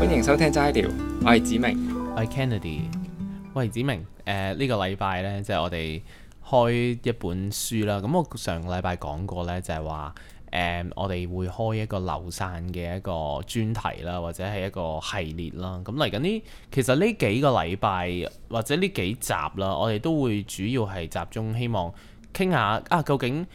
歡迎收聽齋聊，我係梓明，我係 Kennedy。喂，梓明，誒、呃，呢、呢個禮拜呢，即係我哋開一本書啦。咁我上個禮拜講過呢，就係話誒，我哋會開一個流散嘅一個專題啦，或者係一個系列啦。咁嚟緊呢，其實呢幾個禮拜或者呢幾集啦，我哋都會主要係集中希望傾下啊，究竟。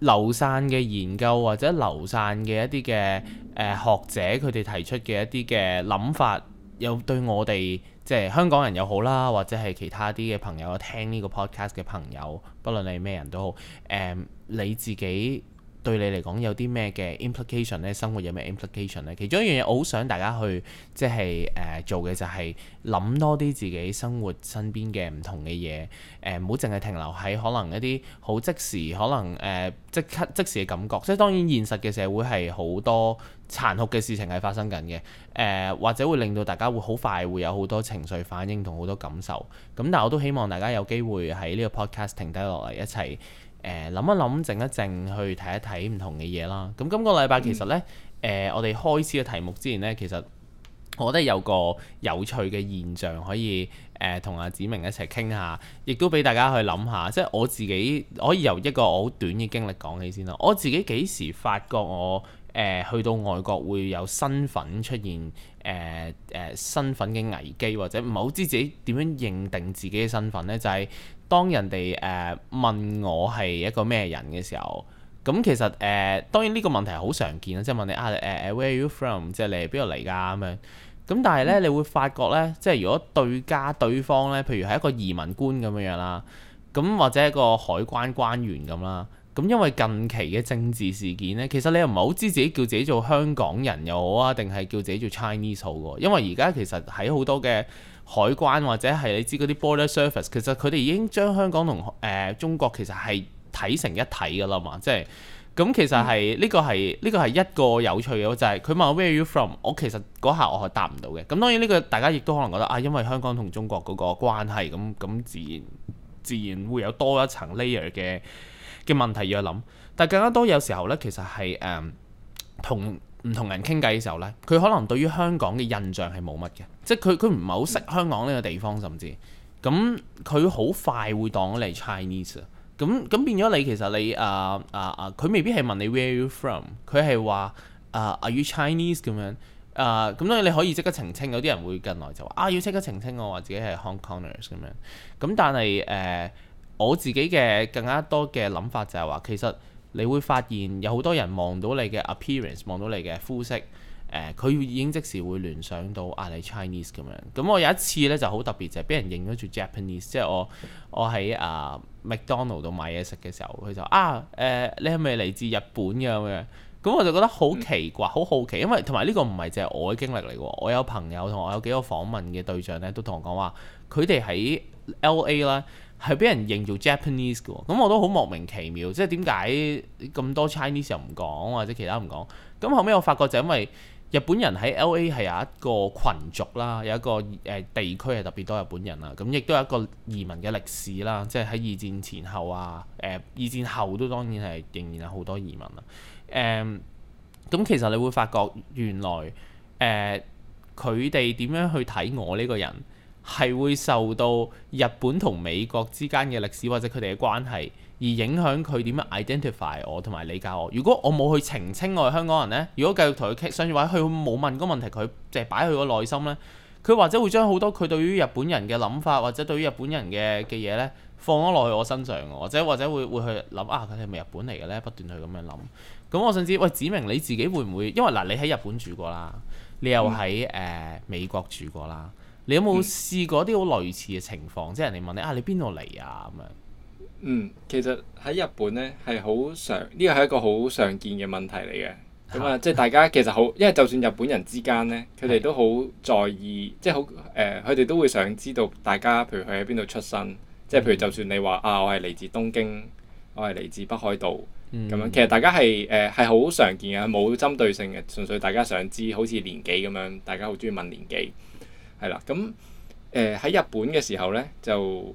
流散嘅研究或者流散嘅一啲嘅誒學者，佢哋提出嘅一啲嘅諗法，有對我哋即係香港人又好啦，或者係其他啲嘅朋友聽呢個 podcast 嘅朋友，不論你係咩人都好，誒、呃，你自己。對你嚟講有啲咩嘅 implication 呢？生活有咩 implication 呢？其中一樣嘢我好想大家去即係誒做嘅就係諗多啲自己生活身邊嘅唔同嘅嘢誒，唔好淨係停留喺可能一啲好即時可能誒、呃、即刻即、即時嘅感覺。即係當然現實嘅社會係好多殘酷嘅事情係發生緊嘅誒，或者會令到大家會好快會有好多情緒反應同好多感受。咁但係我都希望大家有機會喺呢個 podcast 停低落嚟一齊誒諗、呃、一諗，靜一靜，去睇一睇唔同嘅嘢啦。咁、嗯、今個禮拜其實呢，誒、呃、我哋開始嘅題目之前呢，其實我覺得有個有趣嘅現象可以誒同阿梓明一齊傾下，亦都俾大家去諗下。即係我自己我可以由一個好短嘅經歷講起先啦。我自己幾時發覺我誒、呃、去到外國會有身份出現誒誒、呃呃、身份嘅危機，或者唔係好知自己點樣認定自己嘅身份呢？就係，是。當人哋誒問我係一個咩人嘅時候，咁其實誒、呃、當然呢個問題好常見啦，即係問你啊誒 where are you from，即係你係邊度嚟㗎咁樣。咁但係呢，嗯、你會發覺呢，即係如果對家對方呢，譬如係一個移民官咁樣啦，咁或者一個海關關員咁啦，咁因為近期嘅政治事件呢，其實你又唔係好知自己叫自己做香港人又好啊，定係叫自己做 Chinese 好喎。因為而家其實喺好多嘅。海關或者係你知嗰啲 border service 其實佢哋已經將香港同誒、呃、中國其實係睇成一體嘅啦嘛，即係咁其實係呢、嗯、個係呢、呢個係一個有趣嘅，就係、係、佢問我 Where are you from，我其實嗰下我係答唔到嘅。咁當然呢個大家亦都可能覺得啊，因為香港同中國嗰個關係，咁咁自然自然會有多一層 layer 嘅嘅問題要去諗。但更加多有時候呢，其實係誒、嗯、同唔同人傾偈嘅時候呢，佢可能對於香港嘅印象係冇乜嘅。即係佢佢唔係好識香港呢個地方，甚至咁佢好快會當你係 Chinese。咁咁變咗你其實你啊啊啊，佢、呃呃、未必係問你 Where are you from，佢係話啊 Are you Chinese 咁樣啊咁，當然你可以即刻澄清。有啲人會近來就話啊要即刻澄清我話自己係 Hong Kongers 咁樣。咁但係誒、呃、我自己嘅更加多嘅諗法就係話，其實你會發現有好多人望到你嘅 appearance，望到你嘅膚色。誒佢、啊、已經即時會聯想到啊你 Chinese 咁樣，咁、嗯、我有一次呢，就好特別就係、是、俾人認咗做 Japanese，即係我我喺啊 McDonald 度買嘢食嘅時候，佢就啊誒、呃、你係咪嚟自日本嘅咁樣？咁我就覺得好奇怪，好好奇，因為同埋呢個唔係淨係我嘅經歷嚟喎，我有朋友同我有幾個訪問嘅對象呢，都同我講話，佢哋喺 LA 啦係俾人認做 Japanese 嘅喎，咁我都好莫名其妙，即係點解咁多 Chinese 又唔講或者其他唔講？咁後尾我發覺就因為。日本人喺 L.A 係有一個群族啦，有一個誒、呃、地區係特別多日本人啦。咁亦都有一個移民嘅歷史啦，即係喺二戰前後啊，誒、呃、二戰後都當然係仍然有好多移民啦。誒、呃、咁其實你會發覺原來誒佢哋點樣去睇我呢個人係會受到日本同美國之間嘅歷史或者佢哋嘅關係，而影響佢點樣 identify 我同埋理解我。如果我冇去澄清我係香港人呢，如果繼續同佢傾，想住話佢冇問個問題，佢淨係擺佢個內心呢，佢或者會將好多佢對於日本人嘅諗法或者對於日本人嘅嘅嘢呢，放咗落去我身上，或者或者會會去諗啊，佢係咪日本嚟嘅呢？不斷去咁樣諗。咁我甚至喂，梓明你自己會唔會？因為嗱，你喺日本住過啦，你又喺誒美國住過啦，你有冇試過啲好類似嘅情況？即係人哋問你啊，你邊度嚟啊咁樣？嗯，其實喺日本咧係好常，呢個係一個好常見嘅問題嚟嘅。咁啊，即係大家其實好，因為就算日本人之間咧，佢哋都好在意，即係好誒，佢、呃、哋都會想知道大家譬如佢喺邊度出生，即、就、係、是、譬如就算你話啊，我係嚟自東京，我係嚟自北海道咁、嗯、樣，其實大家係誒係好常見嘅，冇針對性嘅，純粹大家想知，好似年紀咁樣，大家好中意問年紀，係啦。咁誒喺日本嘅時候咧就。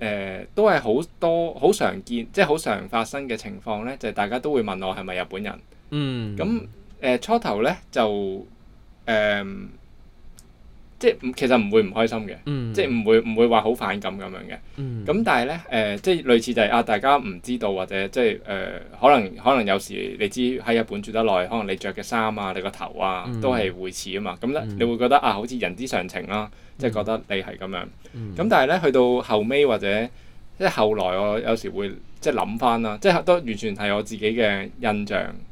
誒、呃、都係好多好常見，即係好常發生嘅情況咧，就係、大家都會問我係咪日本人。咁誒、嗯呃、初頭咧就誒。呃即係其實唔會唔開心嘅，即係唔會唔會話好反感咁樣嘅。咁但係咧誒，即係類似就係、是、啊，大家唔知道或者即係誒、呃，可能可能有時你知喺日本住得耐，可能你着嘅衫啊、你個頭啊，嗯、都係會似啊嘛。咁咧你會覺得、嗯、啊，好似人之常情啦、啊，嗯、即係覺得你係咁樣。咁、嗯嗯、但係咧去到後尾或者即係後來，我有時會即係諗翻啦，即係都完全係我自己嘅印象，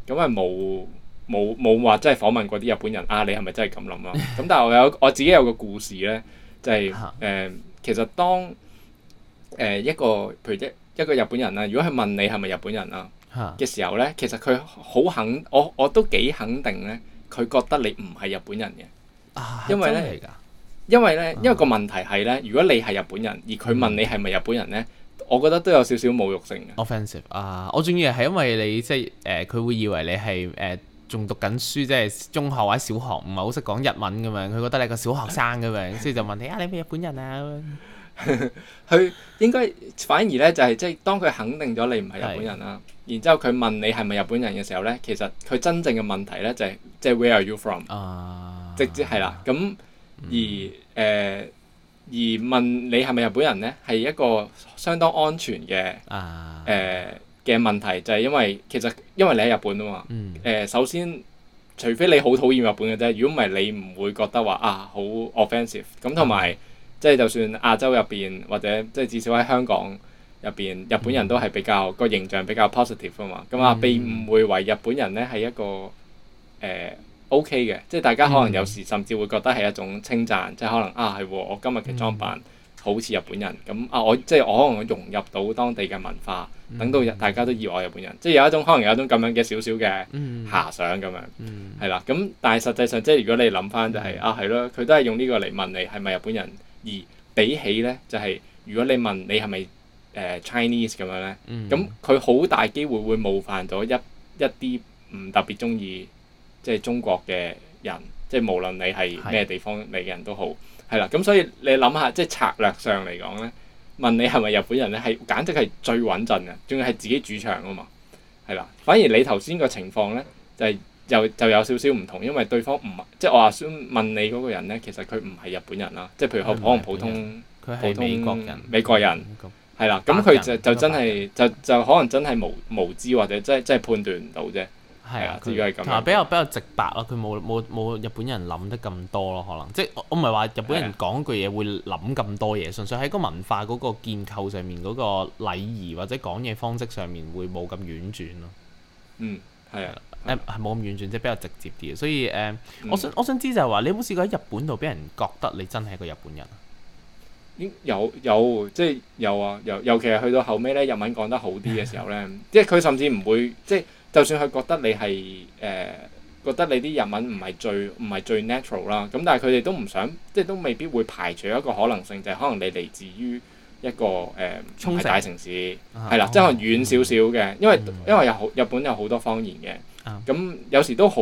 咁係冇。冇冇話真係訪問過啲日本人啊？你係咪真係咁諗啊？咁但係我有我自己有個故事咧，就係、是、誒，其實當誒一個譬如一一個日本人啊，如果佢問你係咪日本人啊嘅時候咧， 其實佢好肯，我我都幾肯定咧，佢覺得你唔係日本人嘅，因為咧、啊，因為咧，因為個問題係咧，嗯嗯如果你係日本人而佢問你係咪日本人咧，我覺得都有少少侮辱性嘅。offensive 啊、uh, 我仲以為係因為你即係誒，佢、呃、會以為你係誒。呃仲讀緊書，即係中學或者小學，唔係好識講日文嘅嘛。佢覺得你個小學生嘅嘛，所以就問你啊， 你係咪日本人啊？佢 應該反而呢、就係，就係即係當佢肯定咗你唔係日本人啦，是然之後佢問你係咪日本人嘅時候呢，其實佢真正嘅問題呢、就係，就係即係 Where are you from？直接係啦。咁、uh, 嗯、而誒、呃、而問你係咪日本人呢，係一個相當安全嘅誒。Uh, uh, 嘅問題，就係因為其實因為你喺日本啊嘛，誒、嗯呃、首先除非你好討厭日本嘅啫，如果唔係你唔會覺得話啊好 offensive，咁同埋、嗯、即係就算亞洲入邊或者即係至少喺香港入邊，日本人都係比較、嗯、個形象比較 positive 啊嘛，咁、嗯嗯、啊被誤會為日本人咧係一個誒、呃、OK 嘅，即係大家可能有時甚至會覺得係一種稱讚，即係、嗯、可能啊係我今日嘅裝扮、嗯。好似日本人咁啊！我即係我可能融入到當地嘅文化，等到大家都以為我日本人，即係有一種可能有一種咁樣嘅少少嘅遐想咁樣，係啦、嗯。咁但係實際上，即係如果你諗翻就係、是嗯、啊，係咯，佢都係用呢個嚟問你係咪日本人。而比起咧，就係、是、如果你問你係咪誒 Chinese 咁樣咧，咁佢好大機會會冒犯咗一一啲唔特別中意即係中國嘅人，即係無論你係咩地方嚟嘅人都好。係啦，咁所以你諗下，即係策略上嚟講咧，問你係咪日本人咧，係簡直係最穩陣嘅，仲要係自己主場啊嘛，係啦。反而你頭先個情況咧，就又就有少少唔同，因為對方唔即係我話問你嗰個人咧，其實佢唔係日本人啦，即係譬如可能普通、普通美國人，美國人係啦，咁佢的就就真係就就可能真係無無知或者真真係判斷唔到啫。係啊，係比較比較直白咯，佢冇冇冇日本人諗得咁多咯，可能即係我唔係話日本人講句嘢會諗咁多嘢，啊、純粹喺個文化嗰個建構上面嗰個禮儀或者講嘢方式上面會冇咁婉轉咯。嗯，係啊，誒、啊，冇咁婉轉，即係比較直接啲。所以誒、呃，我想、嗯、我想知就係、是、話，你有冇試過喺日本度俾人覺得你真係一個日本人？啊有有，即係有啊，尤尤其係去到後尾咧，日文講得好啲嘅時候咧、啊，即係佢甚至唔會即係。就算佢覺得你係誒、呃，覺得你啲日文唔係最唔係最 natural 啦，咁但係佢哋都唔想，即係都未必會排除一個可能性，就係、是、可能你嚟自於一個誒、呃、沖繩，大城市，係啦、啊，即係可能遠少少嘅，因為、嗯、因為有好日本有好多方言嘅，咁、嗯、有時都好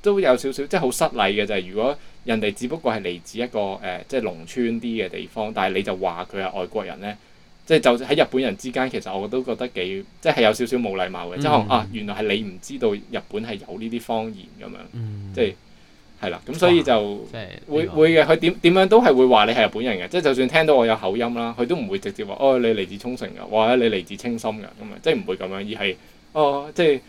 都有少少即係好失禮嘅就係、是，如果人哋只不過係嚟自一個誒即係農村啲嘅地方，但係你就話佢係外國人咧。即係就喺日本人之間，其實我都覺得幾即係有少少冇禮貌嘅，即可能啊原來係你唔知道日本係有呢啲方言咁樣，嗯、即係係啦，咁所以就、啊、會會嘅，佢點點樣都係會話你係日本人嘅，即係就算聽到我有口音啦，佢都唔會直接話哦你嚟自沖繩㗎，或者你嚟自青森㗎，咁啊即係唔會咁樣，而係哦即係。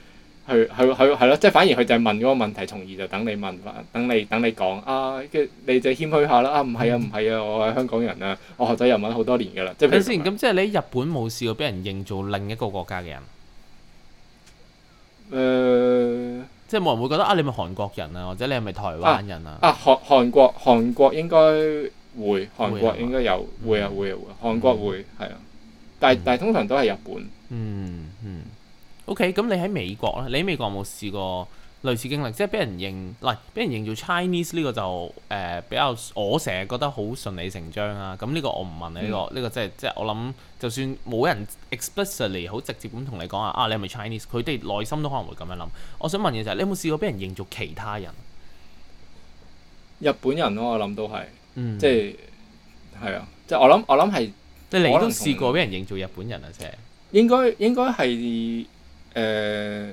係係係咯，即係反而佢就係問嗰個問題，從而就等你問，等你等你講啊，跟住你就謙虛下啦啊，唔係啊，唔係啊，我係香港人啊，我學咗日文好多年噶啦。睇先，咁即係你喺日本冇試過俾人認做另一個國家嘅人？誒、呃，即係冇人會覺得啊，你係咪韓國人啊，或者你係咪台灣人啊？啊，啊韓韓國韓國應該會，韓國應該有會啊會啊、嗯、會，啊會啊，韓國會係啊，但係、嗯、但係通常都係日本。嗯嗯。嗯 OK，咁你喺美國咧？你喺美國有冇試過類似經歷，即係俾人認嗱俾、啊、人認做 Chinese 呢個就誒、呃、比較我成日覺得好順理成章啊。咁呢個我唔問你呢個呢個，即係即係我諗就算冇人 explicitly 好直接咁同你講啊，你係咪 Chinese？佢哋內心都可能會咁樣諗。我想問嘅就係、是、你有冇試過俾人認做其他人日本人咯、啊？我諗都係，即係係啊，就是、即係是我諗我諗係即係你都試過俾人認做日本人啊？即、就、係、是、應該應該係。誒、呃、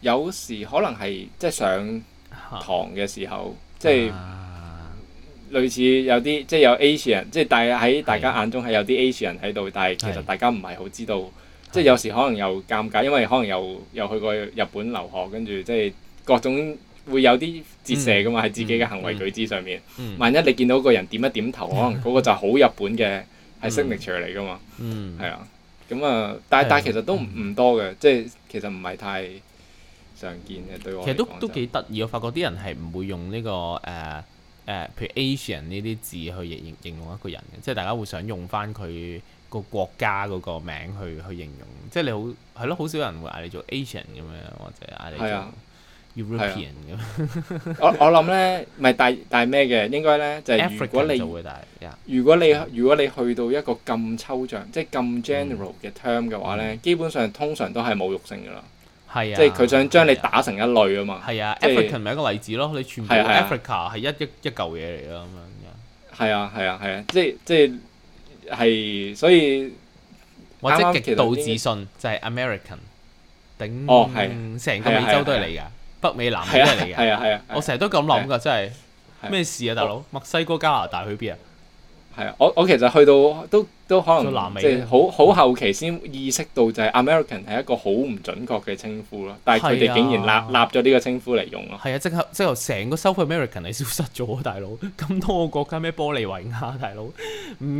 有時可能係即係上堂嘅時候，啊、即係類似有啲即係有 Asian，即係大家喺大家眼中係有啲 Asian 喺度，但係其實大家唔係好知道。是即係有時可能又尷尬，因為可能又又去過日本留學，跟住即係各種會有啲折射㗎嘛，喺、嗯、自己嘅行為舉止上面。嗯、萬一你見到個人點一點頭，嗯、可能嗰個就係好日本嘅，係 signature 嚟㗎嘛。係啊、嗯，咁、嗯、啊、嗯嗯，但係但係其實都唔多嘅，即係。其實唔係太常見嘅對我。其實都都幾得意，我發覺啲人係唔會用呢、這個誒誒、呃呃，譬如 Asian 呢啲字去形形容一個人嘅，即係大家會想用翻佢個國家嗰個名去去形容，即係你好係咯，好少人會嗌你做 Asian 咁樣或者嗌你做。係啊，我我諗咧，唔係大大咩嘅，應該咧就係，如果你如果你如果你去到一個咁抽象，即係咁 general 嘅 term 嘅話咧，基本上通常都係侮辱性噶啦，係即係佢想將你打成一類啊嘛，係啊，African 咪一個例子咯，你全部 Africa 係一一一嚿嘢嚟咯咁樣，係啊係啊係啊，即係即係係，所以或者極度自信就係 American 頂，哦係成個美洲都係你噶。北美南邊嚟嘅，係啊係啊，啊啊啊我成日都咁諗噶，真係咩、啊啊、事啊，大佬？我，墨西哥加拿大去邊啊？係啊，我我其實去到都。都可能南美即係好好後期先意識到就係 American 係一個好唔準確嘅稱呼咯，但係佢哋竟然立立咗呢個稱呼嚟用咯。係啊，即刻即係成個 South American 係消失咗，大佬咁多個國家咩玻利維亞大佬唔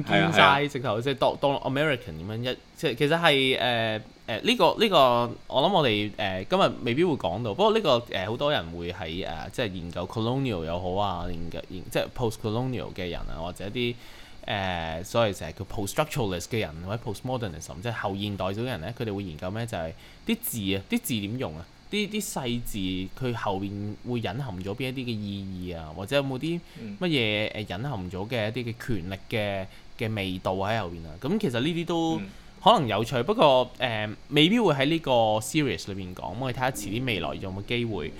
見晒，直頭即係當當 American 咁樣一即係其實係誒誒呢個呢、這個我諗我哋誒、呃、今日未必會講到，不過呢、這個誒好、呃、多人會喺誒、呃、即係研究 colonial 又好啊，研究即係 post-colonial 嘅人啊，或者啲。誒，所謂成日叫 poststructuralist 嘅人或者 postmodernism 即係後現代咗嘅人咧，佢哋會研究咩？就係、是、啲字啊，啲字點用啊，啲啲細字佢後邊會隱含咗邊一啲嘅意義啊，或者有冇啲乜嘢誒隱含咗嘅一啲嘅權力嘅嘅味道喺後邊啊。咁其實呢啲都可能有趣，不過誒、呃、未必會喺呢個 series 裏邊講。我哋睇下遲啲未來有冇機會。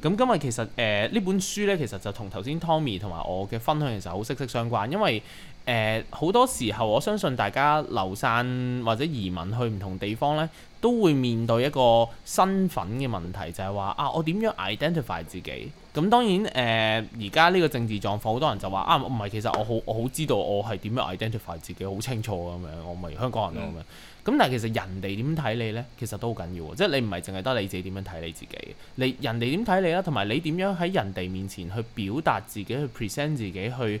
咁今日其實誒呢、呃、本書咧，其實就同頭先 Tommy 同埋我嘅分享其實好息息相關，因為，誒好多時候，我相信大家流散或者移民去唔同地方呢，都會面對一個身份嘅問題，就係、是、話啊，我點樣 identify 自己？咁當然誒，而家呢個政治狀況，好多人就話啊，唔係，其實我好我好知道我係點樣 identify 自己，好清楚咁樣，我唔係香港人咯咁樣。咁、嗯、但係其實人哋點睇你呢，其實都好緊要喎，即係你唔係淨係得你自己點樣睇你自己，你人哋點睇你啦，同埋你點樣喺人哋面前去表達自己，去 present 自己去。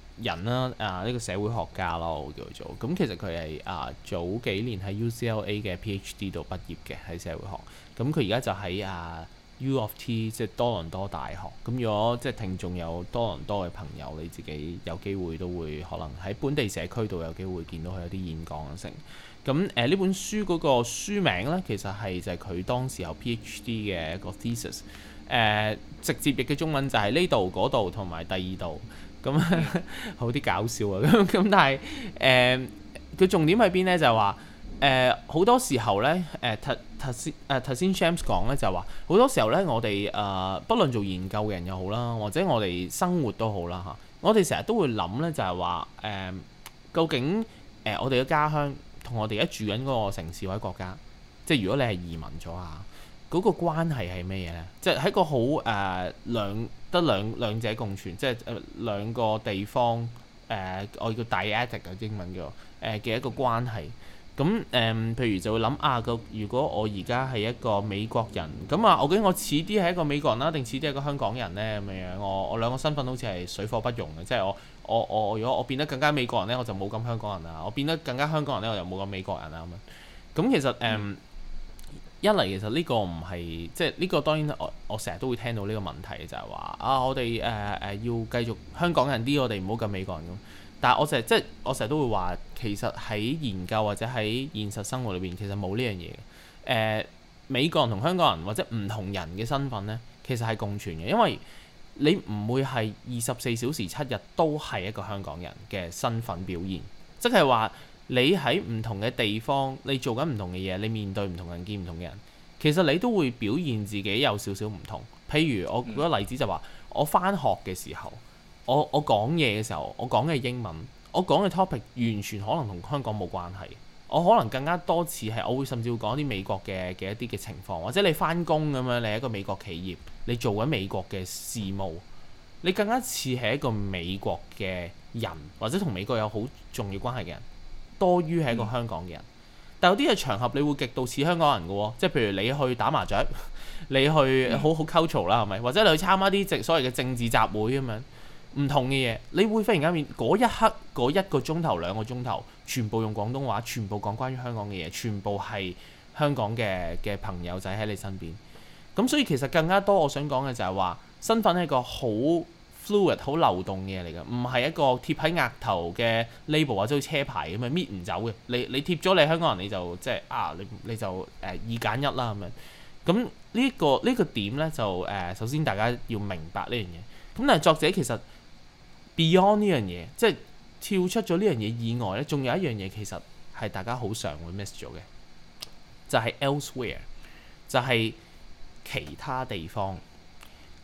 人啦，啊呢個社會學家咯，我叫佢做。咁、嗯、其實佢係啊早幾年喺 UCLA 嘅 PhD 度畢業嘅，喺社會學。咁佢而家就喺啊 U of T，即係多倫多大學。咁、嗯、如果即係聽眾有多倫多嘅朋友，你自己有機會都會可能喺本地社區度有機會見到佢有啲演講啊，成、嗯。咁誒呢本書嗰個書名呢，其實係就係佢當時有 PhD 嘅一個 thesis、呃。誒直接譯嘅中文就係呢度嗰度同埋第二度。咁啊， 好啲搞笑啊！咁 咁，但係誒，佢重點喺邊咧？就係話誒，好、呃、多時候咧，誒、呃，頭頭先誒頭先 Shams 講咧，就話、是、好多時候咧，我哋誒、呃，不論做研究嘅人又好啦，或者我哋生活都好啦嚇、啊，我哋成日都會諗咧，就係話誒，究竟誒、呃、我哋嘅家鄉同我哋而家住緊嗰個城市或者國家，即、就、係、是、如果你係移民咗啊，嗰、那個關係係咩嘢咧？即係喺個好誒兩。呃兩得兩兩者共存，即係誒兩個地方誒、呃，我叫 dyadic 英文叫誒嘅一個關係。咁、嗯、誒，譬如就會諗啊，個如果我而家係一個美國人，咁啊，究竟我似啲係一個美國人啦，定似啲係一個香港人咧咁嘅樣。我我兩個身份好似係水火不容嘅，即係我我我如果我變得更加美國人咧，我就冇咁香港人啊；我變得更加香港人咧，我又冇咁美國人啊咁樣。咁其實誒。嗯嗯一嚟其實呢個唔係，即係呢個當然我我成日都會聽到呢個問題就係話啊，我哋誒誒要繼續香港人啲，我哋唔好咁美國人咁。但係我成日即係我成日都會話，其實喺研究或者喺現實生活裏邊，其實冇呢樣嘢嘅。誒，美國人同香港人或者唔同人嘅身份呢，其實係共存嘅，因為你唔會係二十四小時七日都係一個香港人嘅身份表現，即係話。你喺唔同嘅地方，你做緊唔同嘅嘢，你面對唔同人，見唔同嘅人，其實你都會表現自己有少少唔同。譬如我舉個例子就話，我翻學嘅時候，我我講嘢嘅時候，我講嘅英文，我講嘅 topic 完全可能同香港冇關係。我可能更加多次係，我會甚至會講啲美國嘅嘅一啲嘅情況，或者你翻工咁樣，你係一個美國企業，你做緊美國嘅事務，你更加似係一個美國嘅人，或者同美國有好重要關係嘅人。多於係一個香港嘅人，嗯、但有啲嘅場合你會極度似香港人嘅喎、哦，即係譬如你去打麻雀，你去好好 cultural 啦，係咪、嗯？ 或者你去參加啲政所謂嘅政治集會咁樣，唔同嘅嘢，你會忽然間變嗰一刻嗰一個鐘頭兩個鐘頭，全部用廣東話，全部講關於香港嘅嘢，全部係香港嘅嘅朋友仔喺你身邊，咁所以其實更加多我想講嘅就係話身份係一個好好流動嘅嘢嚟㗎，唔係一個貼喺額頭嘅 label 或者車牌咁樣搣唔走嘅。你你貼咗你香港人你就即係啊，你你就誒、呃、二揀一啦咁樣。咁呢一個呢、這個點呢，就誒、呃，首先大家要明白呢樣嘢。咁但係作者其實 beyond 呢樣嘢，即、就、係、是、跳出咗呢樣嘢以外呢，仲有一樣嘢其實係大家好常會 miss 咗嘅，就係、是、elsewhere，就係其他地方。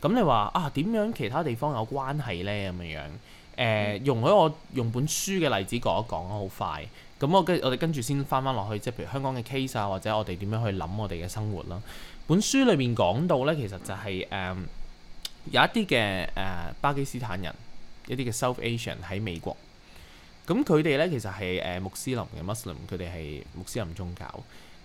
咁你話啊點樣其他地方有關係呢？咁樣樣？誒、呃、用咗我用本書嘅例子講一講好快。咁我跟我哋跟住先翻翻落去，即係譬如香港嘅 case 啊，或者我哋點樣去諗我哋嘅生活啦。本書裏面講到呢，其實就係、是、誒、呃、有一啲嘅誒巴基斯坦人，一啲嘅 South Asian 喺美國。咁佢哋呢，其實係誒、呃、穆斯林嘅 Muslim，佢哋係穆斯林宗教。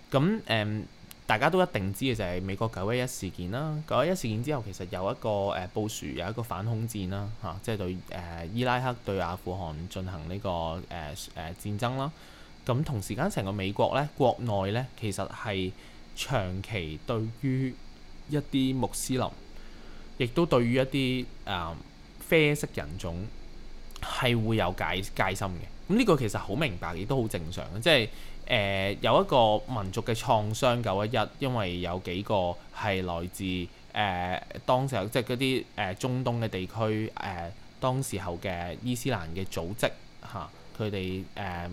咁誒。呃大家都一定知嘅就係美國九一一事件啦，九一一事件之後，其實有一個誒、呃、布殊有一個反恐戰啦，嚇、啊，即係對誒、呃、伊拉克對阿富汗進行呢、這個誒誒、呃呃、戰爭啦。咁同時間成個美國咧國內咧，其實係長期對於一啲穆斯林，亦都對於一啲誒、呃、啡色人種係會有戒戒心嘅。咁呢個其實好明白，亦都好正常，即係。誒、呃、有一個民族嘅創傷，九一一，因為有幾個係來自誒、呃、當時即係嗰啲誒中東嘅地區，誒、呃、當時候嘅伊斯蘭嘅組織嚇，佢哋誒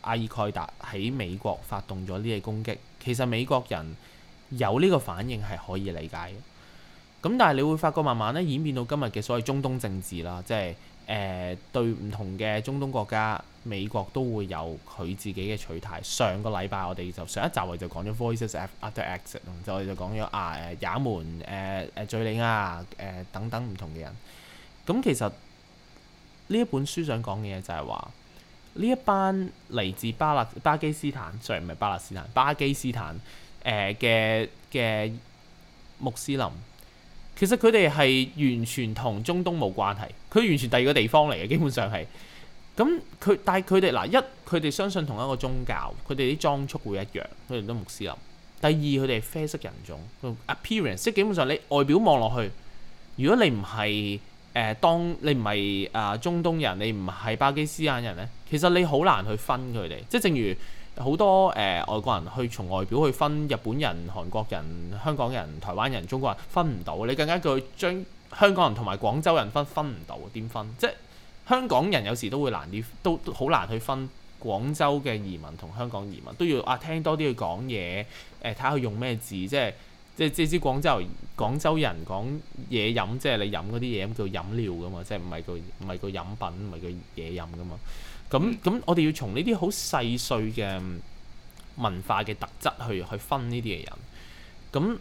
阿爾蓋達喺美國發動咗呢啲攻擊，其實美國人有呢個反應係可以理解嘅。咁但係你會發覺慢慢咧演變到今日嘅所謂中東政治啦，即係誒、呃、對唔同嘅中東國家。美國都會有佢自己嘅取態。上個禮拜我哋就上一集我哋就講咗 Voices After Exit，我就我哋就講咗啊誒，也門誒誒敍利亞誒、啊、等等唔同嘅人。咁、嗯、其實呢一本書想講嘅嘢就係話，呢一班嚟自巴勒巴基斯坦，雖然唔係巴勒斯坦，巴基斯坦誒嘅嘅穆斯林，其實佢哋係完全同中東冇關係，佢完全第二個地方嚟嘅，基本上係。咁佢但係佢哋嗱一佢哋相信同一個宗教，佢哋啲裝束會一樣，佢哋都穆斯林。第二佢哋啡色人種，appearance，即係基本上你外表望落去，如果你唔係誒當你唔係啊中東人，你唔係巴基斯坦人咧，其實你好難去分佢哋。即係正如好多誒、呃、外國人去從外表去分日本人、韓國人、香港人、台灣人、中國人，分唔到。你更加叫佢將香港人同埋廣州人分分唔到，點分？即香港人有時都會難啲，都好難去分廣州嘅移民同香港移民，都要啊聽多啲佢講嘢，誒睇下佢用咩字，即係即係知廣州廣州人講嘢飲，即係你飲嗰啲嘢咁叫飲料㗎嘛，即係唔係個唔係個飲品，唔係個嘢飲㗎嘛。咁咁，我哋要從呢啲好細碎嘅文化嘅特質去去分呢啲嘅人。咁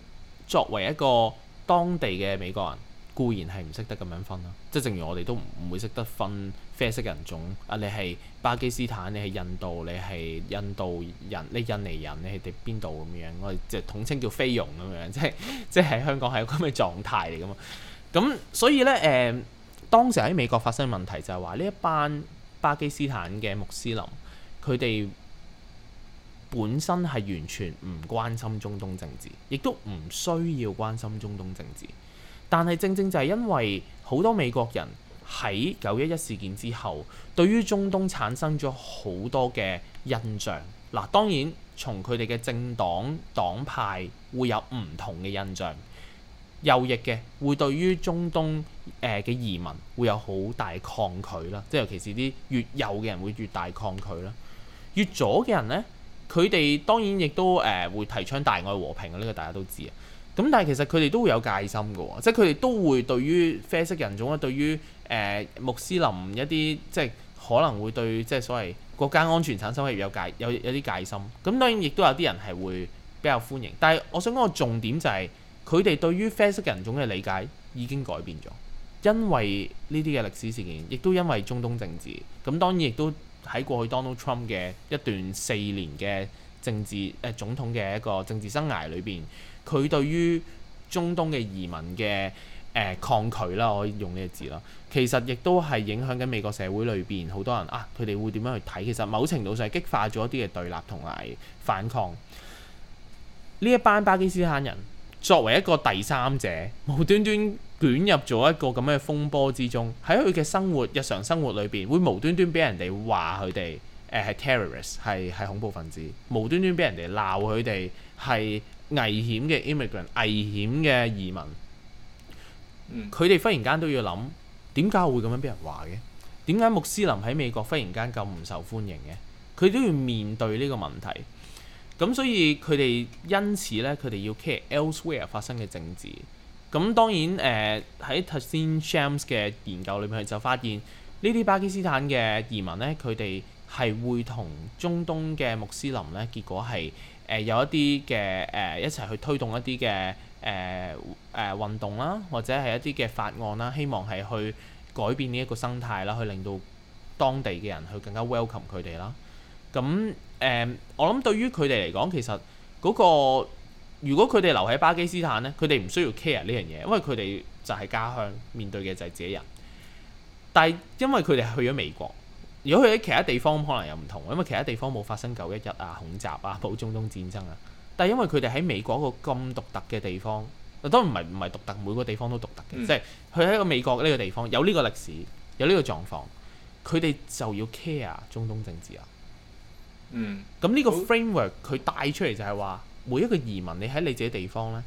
作為一個當地嘅美國人，固然係唔識得咁樣分咯，即係正如我哋都唔會識得分啡色人種啊！你係巴基斯坦，你係印度，你係印度人，你印尼人，你係邊度咁樣？我哋就統稱叫菲傭咁樣，即係即係香港係有咁嘅狀態嚟噶嘛？咁所以呢，誒、呃、當時喺美國發生問題就係話呢一班巴基斯坦嘅穆斯林，佢哋本身係完全唔關心中東政治，亦都唔需要關心中東政治。但係正正就係因為好多美國人喺九一一事件之後，對於中東產生咗好多嘅印象。嗱，當然從佢哋嘅政黨黨派會有唔同嘅印象。右翼嘅會對於中東誒嘅移民會有好大抗拒啦，即係尤其是啲越右嘅人會越大抗拒啦。越左嘅人呢，佢哋當然亦都誒會提倡大愛和平嘅，呢個大家都知啊。咁但係其實佢哋都會有戒心嘅喎、哦，即係佢哋都會對於啡色人種啊，對於誒、呃、穆斯林一啲，即係可能會對即係所謂國家安全產生嘅有戒有有啲戒心。咁當然亦都有啲人係會比較歡迎，但係我想講個重點就係佢哋對於啡色人種嘅理解已經改變咗，因為呢啲嘅歷史事件，亦都因為中東政治。咁當然亦都喺過去 Donald Trump 嘅一段四年嘅政治誒、呃、總統嘅一個政治生涯裏邊。佢對於中東嘅移民嘅誒、呃、抗拒啦，我用呢個字啦，其實亦都係影響緊美國社會裏邊好多人啊。佢哋會點樣去睇？其實某程度上係激化咗一啲嘅對立同埋反抗。呢一班巴基斯坦人作為一個第三者，無端端捲入咗一個咁嘅風波之中，喺佢嘅生活、日常生活裏邊，會無端端俾人哋話佢哋誒係、呃、terrorist 係係恐怖分子，無端端俾人哋鬧佢哋係，危險嘅 immigrant，危險嘅移民，佢哋、嗯、忽然間都要諗點解會咁樣俾人話嘅？點解穆斯林喺美國忽然間咁唔受歡迎嘅？佢都要面對呢個問題，咁所以佢哋因此呢，佢哋要 care elsewhere 發生嘅政治。咁當然誒，喺、呃、Tahseen Shams 嘅研究裡面就發現，呢啲巴基斯坦嘅移民呢，佢哋係會同中東嘅穆斯林呢，結果係。誒、呃、有一啲嘅誒一齊去推動一啲嘅誒誒運動啦，或者係一啲嘅法案啦，希望係去改變呢一個生態啦，去令到當地嘅人去更加 welcome 佢哋啦。咁誒、呃，我諗對於佢哋嚟講，其實嗰、嗰個如果佢哋留喺巴基斯坦呢，佢哋唔需要 care 呢樣嘢，因為佢哋就係家鄉面對嘅就係自己人。但係因為佢哋去咗美國。如果佢喺其他地方可能又唔同，因為其他地方冇發生九一一啊、恐襲啊、冇中東戰爭啊，但係因為佢哋喺美國一個咁獨特嘅地方，都唔係唔係獨特，每個地方都獨特嘅，即係佢喺一個美國呢個地方有呢個歷史、有呢個狀況，佢哋就要 care 中東政治啊。嗯。咁呢個 framework 佢帶出嚟就係話，每一個移民你喺你自己地方呢，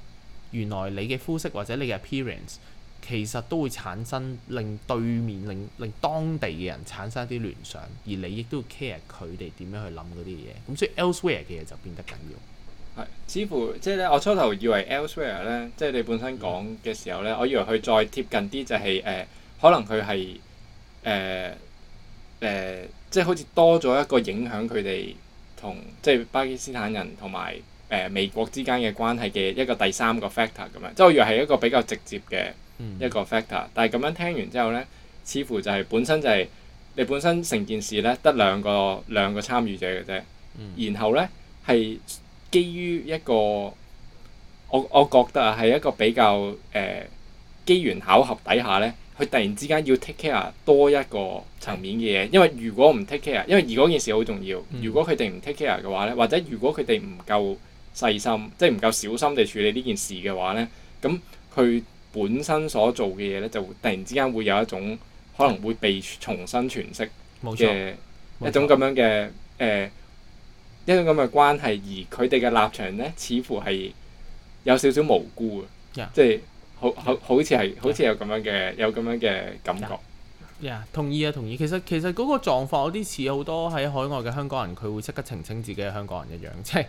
原來你嘅膚色或者你嘅 appearance。其實都會產生令對面、令令當地嘅人產生一啲聯想，而你亦都要 care 佢哋點樣去諗嗰啲嘢。咁所以 elsewhere 嘅嘢就變得緊要。係，似乎即係咧，我初頭以為 elsewhere 咧，即係你本身講嘅時候咧，嗯、我以為佢再貼近啲就係、是、誒、呃，可能佢係誒誒，即係好似多咗一個影響佢哋同即係巴基斯坦人同埋誒美國之間嘅關係嘅一個第三個 factor 咁樣。即係我以為係一個比較直接嘅。一個 factor，但係咁樣聽完之後咧，似乎就係本身就係、是、你本身成件事咧，得兩個兩個參與者嘅啫。嗯、然後咧係基於一個我我覺得啊，係一個比較誒機緣巧合底下咧，佢突然之間要 take care 多一個層面嘅嘢，因為如果唔 take care，因為而嗰件事好重要。嗯。如果佢哋唔 take care 嘅話咧，或者如果佢哋唔夠細心，即係唔夠小心地處理呢件事嘅話咧，咁佢。本身所做嘅嘢咧，就突然之間會有一種可能會被重新詮釋嘅錯一種咁樣嘅誒錯、呃、一種咁嘅關係，而佢哋嘅立場咧，似乎係有少少無辜嘅，即係 Yeah,、就是、好好好似係好似有咁樣嘅有咁樣嘅感覺。Yeah, yeah, 同意啊，同意。其實其實嗰個狀況有啲似好多喺海外嘅香港人，佢會即刻澄清自己係香港人一樣，即係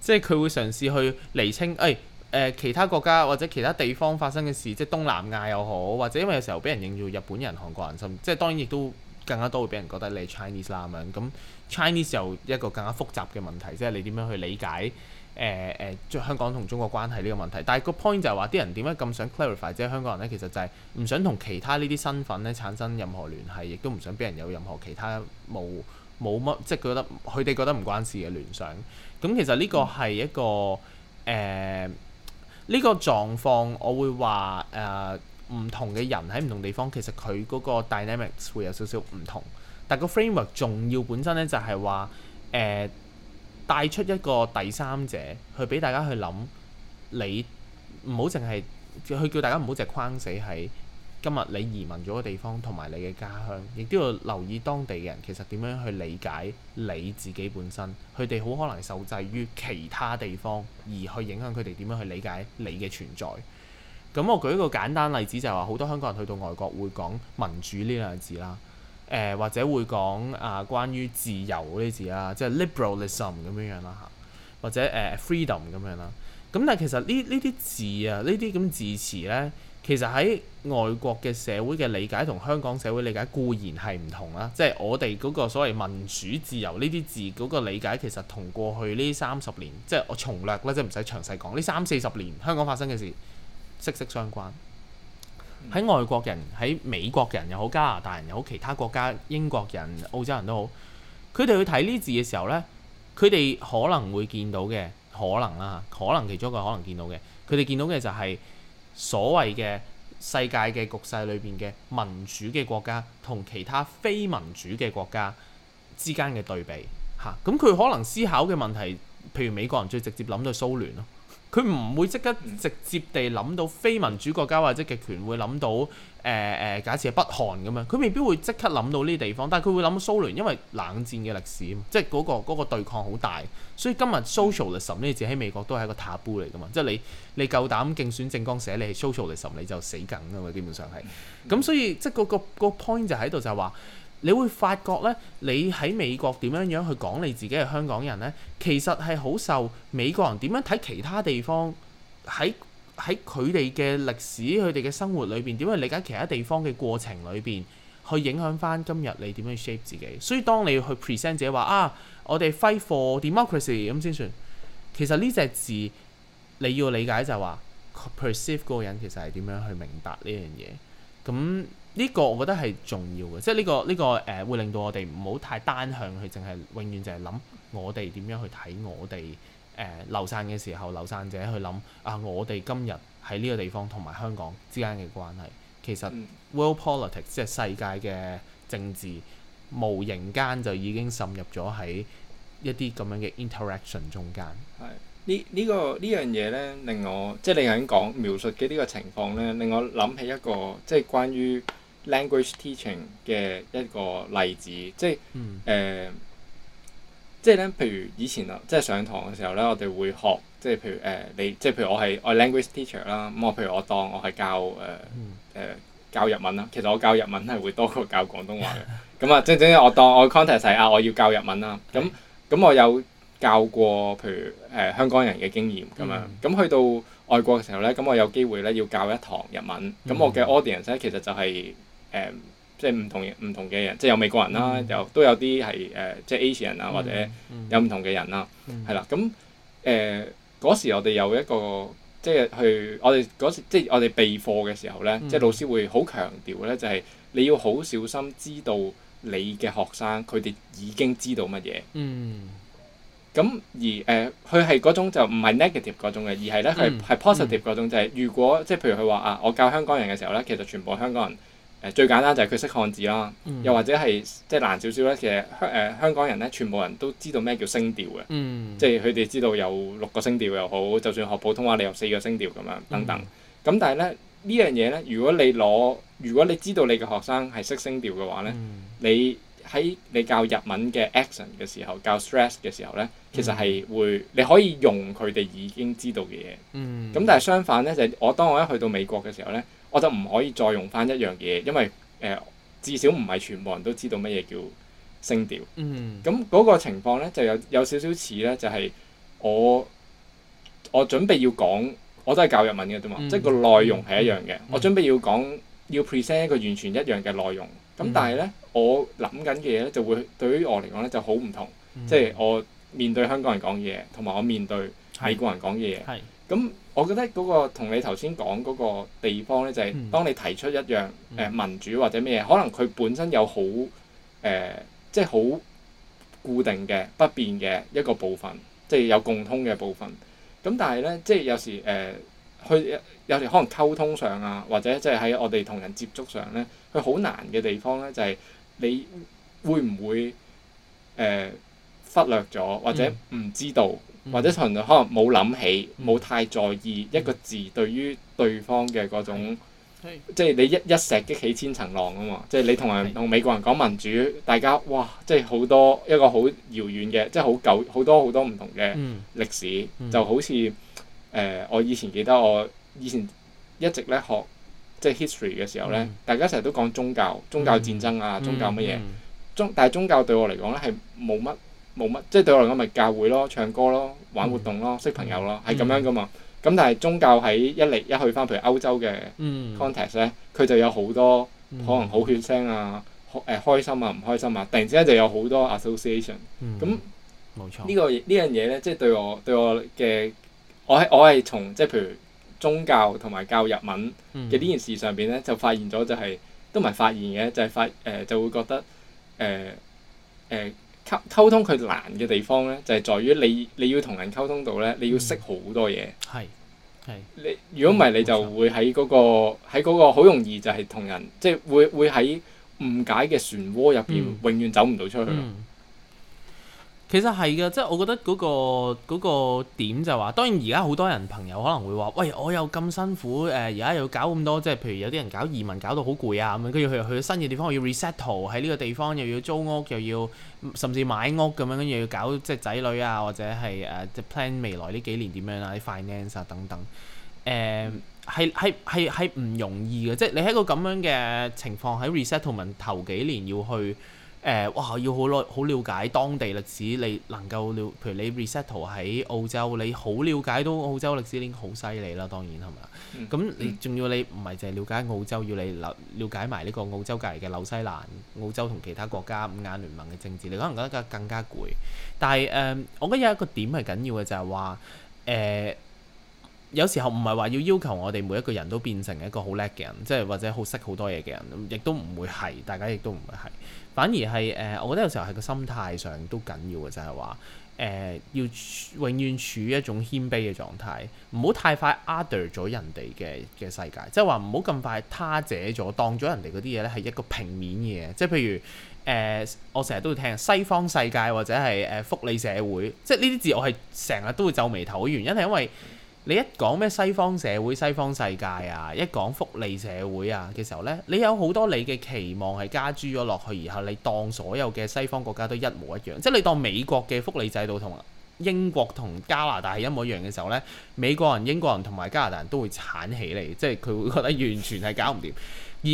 即係佢會嘗試去釐清誒。哎誒、呃、其他國家或者其他地方發生嘅事，即係東南亞又好，或者因為有時候俾人認住日本人、韓國人，咁即係當然亦都更加多會俾人覺得你 Chinese 啦咁樣。咁 Chinese 又一個更加複雜嘅問題，即係你點樣去理解誒誒、呃呃，香港同中國關係呢個問題？但係個 point 就係話啲人點解咁想 clarify？即係香港人咧，其實就係唔想同其他呢啲身份咧產生任何聯繫，亦都唔想俾人有任何其他冇冇乜即係覺得佢哋覺得唔關事嘅聯想。咁其實呢個係一個誒。嗯呃呢個狀況，我會話誒，唔同嘅人喺唔同地方，其實佢嗰個 dynamics 會有少少唔同。但個 framework 重要本身呢，就係話誒帶出一個第三者去俾大家去諗，你唔好淨係去叫大家唔好淨係框死喺。今日你移民咗個地方同埋你嘅家鄉，亦都要留意當地嘅人其實點樣去理解你自己本身。佢哋好可能受制於其他地方，而去影響佢哋點樣去理解你嘅存在。咁我舉一個簡單例子，就係話好多香港人去到外國會講民主呢兩字啦，誒、呃、或者會講啊、呃、關於自由呢啲字啦，即係 liberalism 咁樣樣啦嚇，或者誒、呃、freedom 咁樣啦。咁但係其實呢呢啲字啊，呢啲咁字詞呢。其實喺外國嘅社會嘅理解同香港社會理解固然係唔同啦，即係我哋嗰個所謂民主自由呢啲字嗰個理解，其實同過去呢三十年即係我從略啦，即係唔使詳細講呢三四十年香港發生嘅事息息相關。喺、嗯、外國人、喺美國人又好、加拿大人又好、其他國家英國人、澳洲人都好，佢哋去睇呢字嘅時候呢，佢哋可能會見到嘅可能啦，可能其中一個可能見到嘅，佢哋見到嘅就係，所謂嘅世界嘅局勢裏邊嘅民主嘅國家同其他非民主嘅國家之間嘅對比，吓，咁佢可能思考嘅問題，譬如美國人最直接諗到蘇聯咯，佢唔會即刻直接地諗到非民主國家或者極權會諗到。誒誒，假設係北韓咁樣，佢未必會即刻諗到呢啲地方，但係佢會諗到蘇聯，因為冷戰嘅歷史，即係嗰個嗰、嗰個、對抗好大，所以今日 socialism 呢啲字喺美國都係一個塔布嚟㗎嘛，即係、嗯、你你夠膽競選政綱寫你係 socialism，你就死梗㗎嘛，基本上係。咁、嗯、所以即係、就是嗰個、嗰個 point 就喺度就係、是、話，你會發覺呢，你喺美國點樣樣去講你自己係香港人呢？其實係好受美國人點樣睇其他地方喺。喺佢哋嘅歷史、佢哋嘅生活裏邊，點樣理解其他地方嘅過程裏邊，去影響翻今日你點樣去 shape 自己？所以當你要去 present 自己話啊，我哋 fight for democracy 咁先算。其實呢隻字你要理解就係話，perceive 嗰個人其實係點樣去明白呢樣嘢？咁呢個我覺得係重要嘅，即係呢個呢個誒、呃、會令到我哋唔好太單向去，淨係永遠就係諗我哋點樣去睇我哋。誒流散嘅時候，流散者去諗啊，我哋今日喺呢個地方同埋香港之間嘅關係，其實 world politics、嗯、即係世界嘅政治，無形間就已經滲入咗喺一啲咁樣嘅 interaction 中間。呢呢、呢個呢樣嘢呢，令我即係你頭先講描述嘅呢個情況呢，令我諗起一個即係關於 language teaching 嘅一個例子，嗯、即係誒。呃嗯即係咧，譬如以前啊，即係上堂嘅時候咧，我哋會學，即係譬如誒、呃，你即係譬如我係。我 language teacher 啦，咁我譬如我當我係教誒誒、呃呃、教日文啦，其實我教日文係會多過教廣東話嘅，咁啊正正我當我 content 係啊，我要教日文啦，咁咁我有教過譬如誒、呃、香港人嘅經驗咁樣，咁、嗯、去到外國嘅時候咧，咁我有機會咧要教一堂日文，咁我嘅 audience 咧其實就係、是。誒、呃。即係唔同唔同嘅人，即係有美國人啦、啊，嗯、有都有啲係誒，即係 Asian 人啊，或者有唔同嘅人啦、啊，係啦、嗯。咁誒嗰時我哋有一個即係去，我哋嗰時即係我哋備課嘅時候咧，嗯、即係老師會好強調咧，就係、是、你要好小心知道你嘅學生佢哋已經知道乜嘢。咁、嗯、而誒，佢係嗰種就唔係 negative 嗰種嘅，而係咧佢係 positive 嗰種，就係、是、如果即係譬如佢話啊，我教香港人嘅時候咧，其實全部香港人。誒最簡單就係佢識漢字啦，嗯、又或者係即係難少少咧。其實香誒、呃、香港人咧，全部人都知道咩叫聲調嘅，嗯、即係佢哋知道有六個聲調又好，就算學普通話你有四個聲調咁樣等等。咁、嗯、但係咧呢樣嘢咧，如果你攞如果你知道你嘅學生係識聲調嘅話咧，嗯、你喺你教日文嘅 accent 嘅時候，教 stress 嘅時候咧，其實係會、嗯、你可以用佢哋已經知道嘅嘢。咁、嗯嗯、但係相反咧，就係我當我一去到美國嘅時候咧。我就唔可以再用翻一樣嘢，因為誒、呃、至少唔係全部人都知道乜嘢叫聲調。咁嗰、嗯、個情況咧，就有有少少似咧，就係、是、我我準備要講，我都係教日文嘅啫嘛，即係個內容係一樣嘅。我準備要講要、要 present 一個完全一樣嘅內容，咁、嗯、但係咧，我諗緊嘅嘢咧就會對於我嚟講咧就好唔同，嗯、即係我面對香港人講嘢，同埋我面對美國人講嘢，咁。我覺得嗰個同你頭先講嗰個地方咧，就係當你提出一樣誒民主或者咩嘢，可能佢本身有好誒，即係好固定嘅、不變嘅一個部分，即係有共通嘅部分。咁但係咧，即係有時誒，佢有時可能溝通上啊，或者即係喺我哋同人接觸上咧，佢好難嘅地方咧，就係你會唔會誒忽略咗或者唔知道？嗯或者同可能冇諗起，冇太在意、嗯、一個字對於對方嘅嗰種，的即係你一一石激起千層浪啊嘛！即係你同人同的美國人講民主，大家哇，即係好多一個好遙遠嘅，即係好舊好多好多唔同嘅歷史，嗯、就好似誒、呃，我以前記得我以前一直咧學即係 history 嘅時候咧，嗯、大家成日都講宗教、宗教戰爭啊、嗯、宗教乜嘢，宗但係宗教對我嚟講咧係冇乜冇乜，即係、就是、對我嚟講咪教會咯、唱歌咯。玩活動咯，識朋友咯，係咁、嗯、樣噶嘛。咁但係宗教喺一嚟一去翻，譬如歐洲嘅 context 咧、嗯，佢就有好多可能好血腥啊，誒、嗯啊、開心啊，唔開心啊，突然之間就有好多 association。咁冇、嗯、那錯，這個這個、呢個呢樣嘢咧，即、就、係、是、對我對我嘅我喺我係從即係、就是、譬如宗教同埋教日文嘅呢件事上邊咧，就發現咗就係、是、都唔係發現嘅，就係、是、發誒、呃、就會覺得誒誒。呃呃呃溝通佢難嘅地方咧，就係、是、在於你你要同人溝通到咧，你要識好多嘢。係係、嗯，你如果唔係，你就會喺嗰、嗰個喺嗰、嗯嗯、個好容易就係同人即係、就是、會會喺誤解嘅漩渦入邊，永遠走唔到出去。嗯嗯其實係嘅，即係我覺得嗰個嗰個點就話，當然而家好多人朋友可能會話，喂，我有咁辛苦誒，呃、而家又搞咁多，即係譬如有啲人搞移民搞到好攰啊咁樣，跟住佢去新嘅地方，我要 resettle 喺呢個地方，又要租屋，又要甚至買屋咁樣，跟住要搞即係仔女啊，或者係誒、呃、即 plan 未來呢幾年點樣啊，啲 finance 啊等等，誒係係係係唔容易嘅，即係你喺一個咁樣嘅情況喺 resettlement 頭幾年要去。誒、呃，哇！要好耐，好了解當地歷史，你能夠了，譬如你 reset 喺澳洲，你好了解到澳洲歷史已經好犀利啦。當然係咪？咁你仲要你唔係淨係了解澳洲，要你了解埋呢個澳洲隔籬嘅紐西蘭、澳洲同其他國家五眼聯盟嘅政治，你可能覺得更加攰。但係誒、呃，我覺得有一個點係緊要嘅，就係話誒，有時候唔係話要要求我哋每一個人都變成一個好叻嘅人，即係或者好識好多嘢嘅人，亦都唔會係，大家亦都唔會係。反而係誒、呃，我覺得有時候係個心態上都緊要嘅，就係話誒，要永遠處於一種謙卑嘅狀態，唔好太快 other 咗人哋嘅嘅世界，即係話唔好咁快他者咗，當咗人哋嗰啲嘢咧係一個平面嘅嘢，即係譬如誒，我成日都會聽西方世界或者係誒福利社會，即係呢啲字我係成日都會皺眉頭嘅原因係因為。你一講咩西方社會、西方世界啊，一講福利社會啊嘅時候呢，你有好多你嘅期望係加諸咗落去，然後你當所有嘅西方國家都一模一樣，即係你當美國嘅福利制度同英國同加拿大係一模一樣嘅時候呢，美國人、英國人同埋加拿大人都會鏟起嚟，即係佢會覺得完全係搞唔掂。而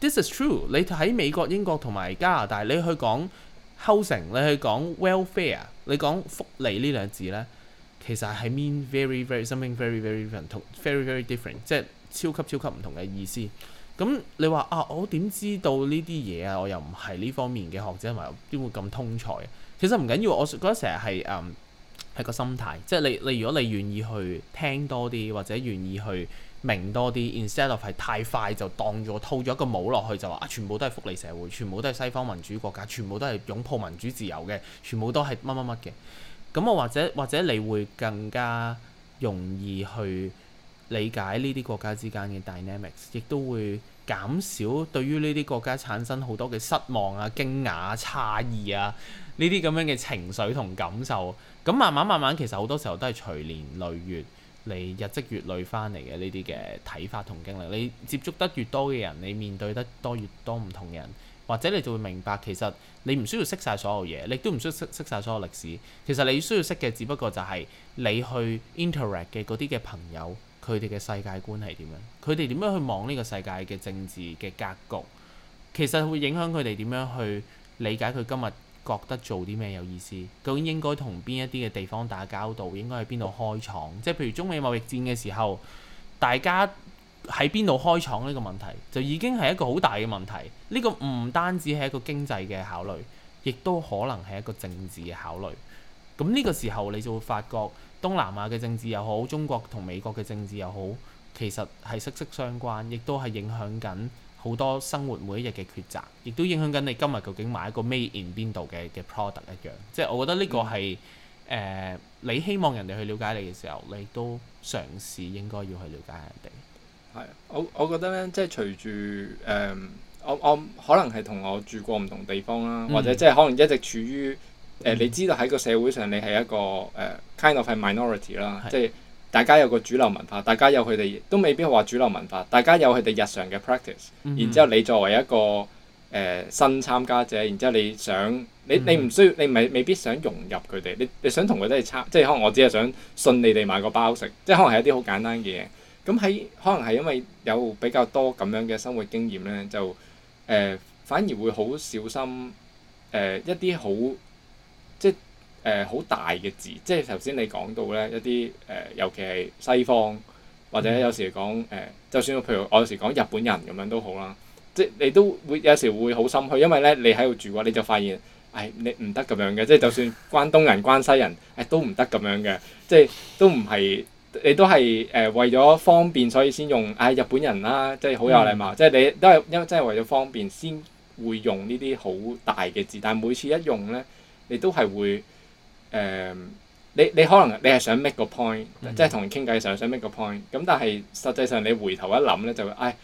this is true，你喺美國、英國同埋加拿大，你去講 housing，你去講 welfare，你講福利呢兩字呢。其實係 mean very very something very very 唔同，very very different，即係超級超級唔同嘅意思。咁你話啊，我點知道呢啲嘢啊？我又唔係呢方面嘅學者，唔係又邊會咁通才？其實唔緊要，我覺得成日係誒係個心態，即係你你如果你願意去聽多啲，或者願意去明多啲，instead of 係太快就當咗套咗一個帽落去，就話，啊，全部都係福利社會，全部都係西方民主國家，全部都係擁抱民主自由嘅，全部都係乜乜乜嘅。咁我或者或者你會更加容易去理解呢啲國家之間嘅 dynamics，亦都會減少對於呢啲國家產生好多嘅失望啊、驚訝啊、詫異啊，呢啲咁樣嘅情緒同感受。咁慢慢慢慢，其實好多時候都係隨年累月。你日積月累翻嚟嘅呢啲嘅睇法同經歷，你接觸得越多嘅人，你面對得多越多唔同人，或者你就會明白其實你唔需要識晒所有嘢，你都唔需要識識曬所有歷史。其實你需要識嘅，只不過就係你去 interact 嘅嗰啲嘅朋友，佢哋嘅世界觀係點樣？佢哋點樣去望呢個世界嘅政治嘅格局？其實會影響佢哋點樣去理解佢今日。覺得做啲咩有意思？究竟應該同邊一啲嘅地方打交道？應該喺邊度開廠？即係譬如中美貿易戰嘅時候，大家喺邊度開廠呢個問題，就已經係一個好大嘅問題。呢個唔單止係一個經濟嘅考慮，亦都可能係一個政治嘅考慮。咁呢個時候你就會發覺，東南亞嘅政治又好，中國同美國嘅政治又好，其實係息息相關，亦都係影響緊。好多生活每一日嘅抉擇，亦都影響緊你今日究竟買一個 made in 邊度嘅嘅 product 一樣，即係我覺得呢個係誒、嗯呃、你希望人哋去了解你嘅時候，你都嘗試應該要去了解人哋。係，我我覺得咧，即係隨住誒、呃，我我可能係同我住過唔同地方啦，嗯、或者即係可能一直處於誒，呃嗯、你知道喺個社會上你係一個誒、呃、kind of 係 minority 啦的，即係。大家有個主流文化，大家有佢哋都未必話主流文化，大家有佢哋日常嘅 practice、mm。Hmm. 然之後你作為一個誒、呃、新參加者，然之後你想你你唔需要，你未未必想融入佢哋，你你想同佢哋參，即係可能我只係想順利地買個包食，即係可能係一啲好簡單嘅嘢。咁喺可能係因為有比較多咁樣嘅生活經驗咧，就誒、呃、反而會好小心誒、呃、一啲好即係。誒好、呃、大嘅字，即係頭先你講到咧一啲誒、呃，尤其係西方或者有時講誒、呃，就算譬如我有時講日本人咁樣都好啦，即係你都會有時會好心虛，因為咧你喺度住嘅話，你就發現唉，你唔得咁樣嘅，即係就算關東人、關西人誒都唔得咁樣嘅，即係都唔係你都係誒為咗方便所以先用誒日本人啦、啊，即係好有禮貌，嗯、即係你都係因為真係為咗方便先會用呢啲好大嘅字，但係每次一用咧，你都係會。誒、嗯，你你可能你係想 make 個 point，、嗯、即係同人傾偈上想 make 個 point，咁但係實際上你回頭一諗咧，就會唉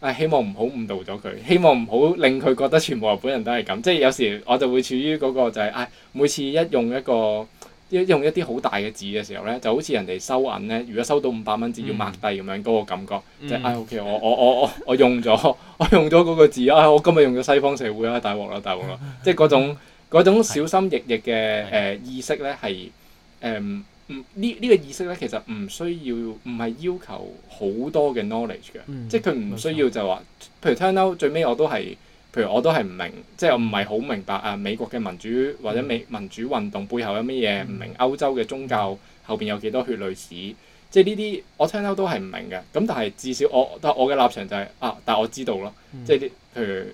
唉，希望唔好誤導咗佢，希望唔好令佢覺得全部日本人都係咁，即係有時我就會處於嗰個就係、是、唉，每次一用一個一用一啲好大嘅字嘅時候咧，就好似人哋收銀咧，如果收到五百蚊紙要抹低咁樣嗰個感覺，即係誒 OK，我我我我我用咗我用咗嗰個字啊，我今日用咗西方社會啊，大鑊啦大鑊啦，即係嗰種。嗰種小心翼翼嘅誒、呃、意識咧，係誒唔呢呢個意識咧，其實唔需要唔係要求好多嘅 knowledge 嘅，嗯、即係佢唔需要就話，譬如 turn out 最尾我都係，譬如我都係唔明，即係我唔係好明白啊美國嘅民主或者美民主運動背後有乜嘢，唔、嗯、明歐洲嘅宗教後邊有幾多血淚史，即係呢啲我 turn out 都係唔明嘅。咁但係至少我但我嘅立場就係、是、啊，但係我知道咯，嗯、即係啲譬如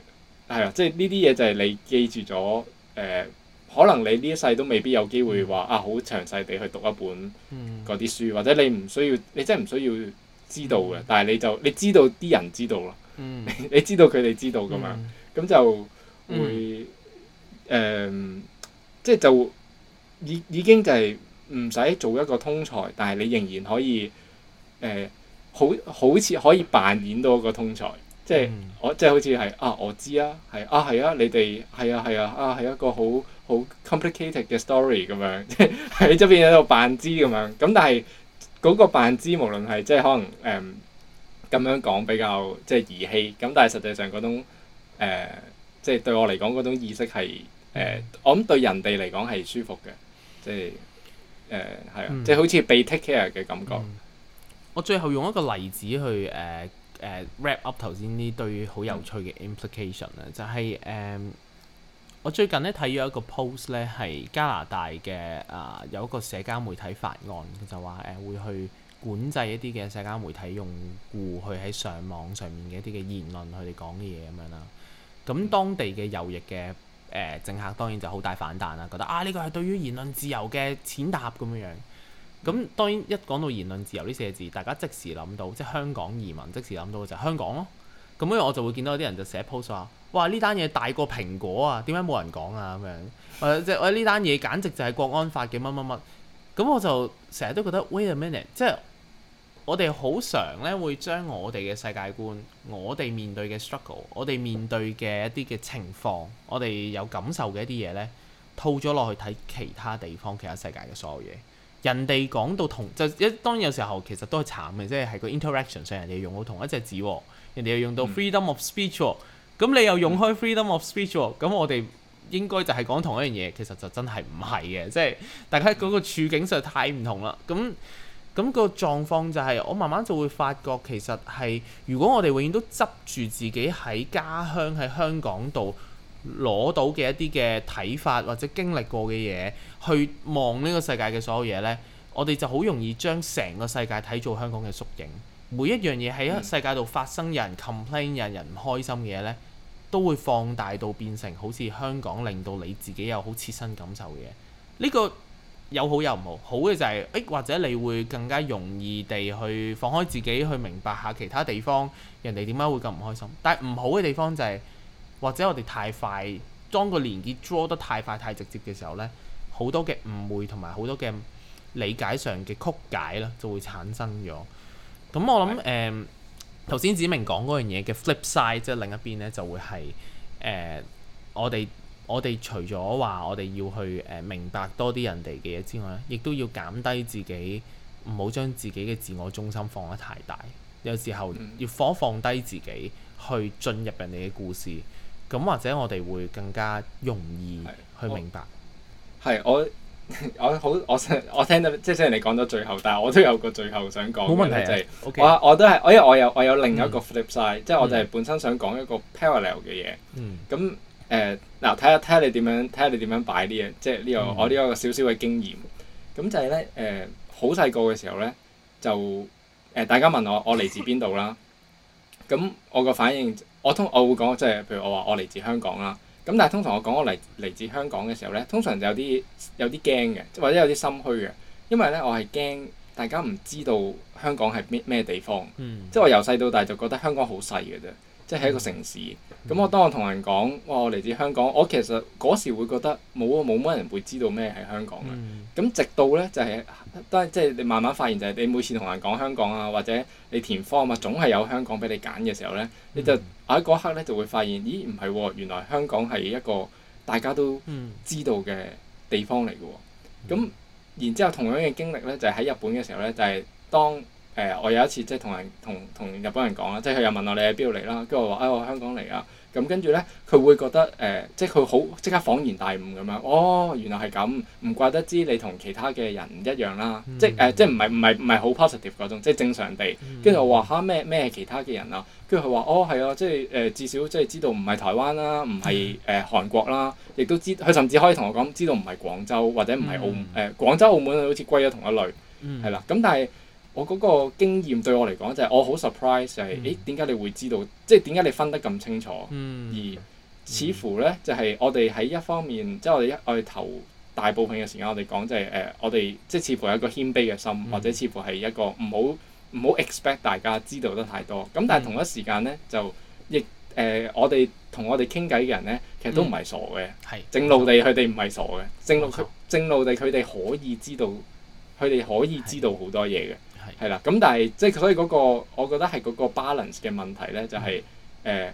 係啊，即係呢啲嘢就係你記住咗。誒、呃，可能你呢一世都未必有機會話啊，好詳細地去讀一本嗰啲書，嗯、或者你唔需要，你真係唔需要知道嘅。嗯、但係你就你知道啲人知道啦，你知道佢哋知道㗎嘛，咁就會誒、嗯呃，即係就已已經就係唔使做一個通才，但係你仍然可以誒、呃，好好似可以扮演到一個通才。即係我即係好似係啊，我知啊，係啊，係啊，你哋係啊，係啊，啊，係、啊、一個好好 complicated 嘅 story 咁樣，即係喺側邊喺度扮知咁樣。咁但係嗰個扮知，無論係即係可能誒咁、嗯、樣講比較即係兒戲。咁但係實際上嗰種、呃、即係對我嚟講嗰種意識係誒，呃嗯、我諗對人哋嚟講係舒服嘅，即係誒係啊，嗯、即係好似被 take care 嘅感覺。嗯嗯、我最後用一個例子去誒。Uh Uh, wrap up 頭先呢堆好有趣嘅 implication 啦、嗯，就係、是、誒、uh, 我最近咧睇咗一個 post 咧，係加拿大嘅啊、uh, 有一個社交媒體法案，就話誒、uh, 會去管制一啲嘅社交媒體用戶去喺上網上面嘅一啲嘅言論，佢哋講嘅嘢咁樣啦。咁當地嘅右翼嘅誒、uh, 政客當然就好大反彈啦，覺得啊呢、這個係對於言論自由嘅踐踏咁樣樣。咁、嗯、當然一講到言論自由呢四個字，大家即時諗到，即係香港移民即時諗到嘅就係香港咯。咁樣我就會見到有啲人就寫 post 話，哇！呢單嘢大過蘋果啊，點解冇人講啊？咁樣或、啊、即係呢單嘢簡直就係國安法嘅乜乜乜。咁、嗯、我就成日都覺得，Wait a m i n u t e 即係我哋好常咧會將我哋嘅世界觀、我哋面對嘅 struggle、我哋面對嘅一啲嘅情況、我哋有感受嘅一啲嘢呢，套咗落去睇其他地方、其他世界嘅所有嘢。人哋講到同就一當然有時候其實都係慘嘅，即係係個 interaction 上人哋用到同一隻字，人哋又用到 freedom of speech，咁你又用開 freedom of speech，咁我哋應該就係講同一樣嘢，其實就真係唔係嘅，即係大家嗰個處境實在太唔同啦。咁咁個狀況就係我慢慢就會發覺，其實係如果我哋永遠都執住自己喺家鄉喺香港度，攞到嘅一啲嘅睇法或者經歷過嘅嘢，去望呢個世界嘅所有嘢呢，我哋就好容易將成個世界睇做香港嘅縮影。每一樣嘢喺世界度發生，嗯、發生有人 complain，有人唔開心嘅嘢呢，都會放大到變成好似香港令到你自己有好切身感受嘅嘢。呢、這個有好有唔好，好嘅就係、是，誒、哎，或者你會更加容易地去放開自己去明白下其他地方人哋點解會咁唔開心。但係唔好嘅地方就係、是。或者我哋太快當個連結 draw 得太快太直接嘅時候呢，好多嘅誤會同埋好多嘅理解上嘅曲解呢，就會產生咗。咁我諗誒頭先梓明講嗰樣嘢嘅 flip side 即係另一邊呢，就會係誒、呃、我哋我哋除咗話我哋要去誒、呃、明白多啲人哋嘅嘢之外呢，亦都要減低自己唔好將自己嘅自我中心放得太大。有時候要放放低自己去進入人哋嘅故事。咁或者我哋會更加容易去明白。係我我好我我，我，我聽到即係雖然你講到最後，但係我都有個最後想講嘅，啊、就係 okay.，我我都係，因為我有我有另一個 flip side，即係、嗯、我就係本身想講一個 parallel 嘅嘢。咁誒嗱，睇下睇下你點樣睇下你點樣擺呢樣，即係呢個、嗯、我呢個少少嘅經驗。咁就係咧誒，好細個嘅時候咧，就誒、呃、大家問我我嚟自邊度啦。咁 我個反應。我通，我會講即係譬如我話我嚟自香港啦，咁但係通常我講我嚟嚟自香港嘅時候咧，通常就有啲有啲驚嘅，或者有啲心虛嘅，因為咧我係驚大家唔知道香港係咩咩地方，嗯、即係我由細到大就覺得香港好細嘅啫。即係一個城市，咁我當我同人講，哇！我嚟自香港，我其實嗰時會覺得冇啊，冇乜人會知道咩係香港。咁直到咧就係，當，都係即係你慢慢發現，就係你每次同人講香港啊，或者你填方啊嘛，總係有香港俾你揀嘅時候咧，你就喺嗰一刻咧就會發現，咦？唔係喎，原來香港係一個大家都知道嘅地方嚟嘅喎。咁然之後同樣嘅經歷咧，就係喺日本嘅時候咧，就係當。誒、呃，我有一次即係同人同同日本人講啦，即係佢又問我你喺邊度嚟啦，跟住我話誒我喺香港嚟啊，咁跟住咧佢會覺得誒，即係佢好即刻恍然大悟咁、哦、樣，哦原來係咁，唔怪得知你同其他嘅人唔一樣啦，嗯、即係、呃嗯、即係唔係唔係唔係好 positive 嗰種，即係正常地，跟住、嗯、我話嚇咩咩其他嘅人啊，跟住佢話哦係啊，即係誒至少即係知道唔係台灣啦、啊，唔係誒韓國啦、啊，亦都知佢甚至可以同我講知道唔係廣州或者唔係澳誒、呃、廣州澳門好似歸咗同一類，係啦、嗯，咁、嗯、但係。但我嗰個經驗對我嚟講就係我好 surprise 就係、是，誒點解你會知道？即係點解你分得咁清楚？嗯、而似乎咧就係、是、我哋喺一方面，即、就、係、是、我哋一我哋頭大部分嘅時間我、就是呃，我哋講就係誒，我哋即係似乎係一個謙卑嘅心，嗯、或者似乎係一個唔好唔好 expect 大家知道得太多。咁但係同一時間咧，嗯、就亦誒、呃、我哋同我哋傾偈嘅人咧，其實都唔係傻嘅，嗯、正路地佢哋唔係傻嘅，正路、嗯、正路地佢哋路可以知道，佢哋可以知道好多嘢嘅。係啦，咁但係即係所以嗰個，我覺得係嗰個 balance 嘅問題咧，就係誒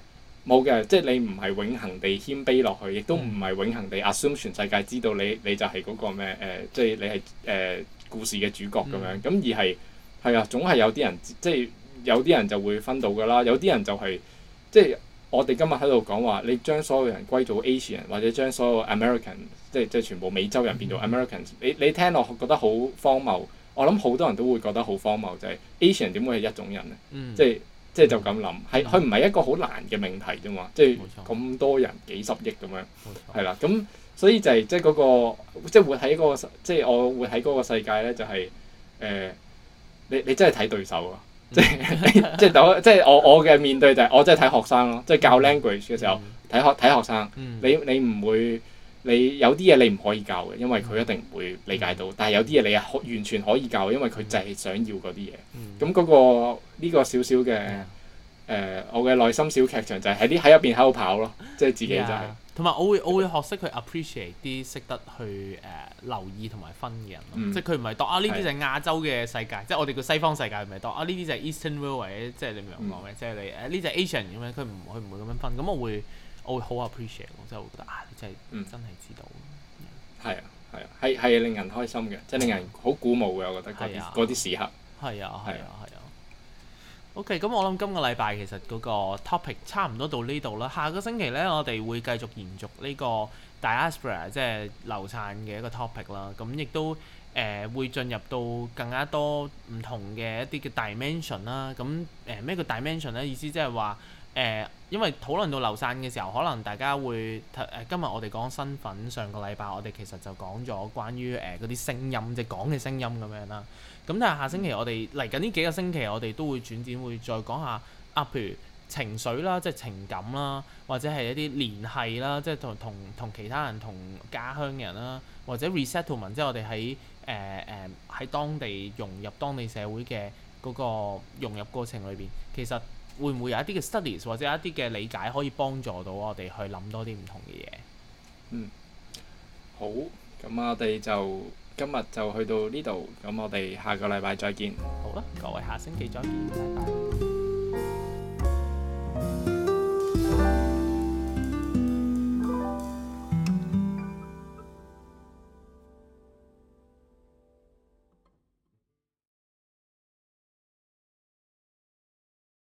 冇嘅，即係你唔係永恆地謙卑落去，亦都唔係永恆地 assume 全世界知道你你就係嗰個咩誒、呃，即係你係誒、呃、故事嘅主角咁樣，咁、嗯、而係係啊，總係有啲人即係有啲人就會分到㗎啦，有啲人就係、是、即係我哋今日喺度講話，你將所有人歸做 Asian 或者將所有 American 即係即係全部美洲人變做 Americans、嗯、你你聽落覺得好荒謬。我諗好多人都會覺得好荒謬，就係 Asian 點會係一種人咧、嗯？即係即係就咁諗，係佢唔係一個好難嘅命題啫嘛。即係咁多人幾十億咁樣，係錯啦。咁所以就係即係嗰個即係、就是、活喺嗰個即係、就是、我活喺嗰個世界咧、就是呃，就係誒你你真係睇對手㗎，即係即係我即係我我嘅面對就係、是、我真係睇學生咯，即、就、係、是、教 language 嘅時候睇學睇學生，嗯、你你唔會。你有啲嘢你唔可以教嘅，因為佢一定唔會理解到。但係有啲嘢你係可完全可以教嘅，因為佢就係想要嗰啲嘢。咁嗰、嗯那個呢、呢個少少嘅誒，我嘅內心小劇場就係喺啲喺入邊喺度跑咯，即係自己就係、是。同埋、嗯、我會我會學識去 appreciate 啲識得去誒、呃、留意同埋分嘅人，嗯、即係佢唔係當啊呢啲就係亞洲嘅世界，是的 即係我哋叫西方世界，唔係當啊呢啲就係 Eastern world 或者即係你明唔明講咩，即係你誒呢、嗯、就 Asian 咁樣，佢唔佢唔會咁樣分。咁我會。我會好 appreciate，我真係覺得啊，你真係、嗯、真係知道。係啊，係啊，係係令人開心嘅，真係、嗯、令人好鼓舞嘅。我覺得嗰啲啲時刻。係啊，係啊，係啊，啊。OK，咁我諗今個禮拜其實嗰個 topic 差唔多到呢度啦。下個星期咧，我哋會繼續延續呢個 diaspora，即係流散嘅一個 topic 啦。咁亦都誒、呃、會進入到更加多唔同嘅一啲嘅 dimension 啦。咁誒咩叫 dimension 咧？意思即係話。誒，因為討論到流散嘅時候，可能大家會誒，今日我哋講身份，上個禮拜我哋其實就講咗關於誒嗰啲聲音，即係講嘅聲音咁樣啦。咁但係下星期我哋嚟緊呢幾個星期，我哋都會轉展會再講下啊，譬如情緒啦，即係情感啦，或者係一啲聯繫啦，即係同同同其他人、同家鄉嘅人啦，或者 resettlement，即係我哋喺誒誒喺當地融入當地社會嘅嗰個融入過程裏邊，其實。會唔會有一啲嘅 Studies 或者有一啲嘅理解可以幫助到我哋去諗多啲唔同嘅嘢？嗯，好，咁我哋就今日就去到呢度，咁我哋下個禮拜再見。好啦，各位下星期再見，拜拜。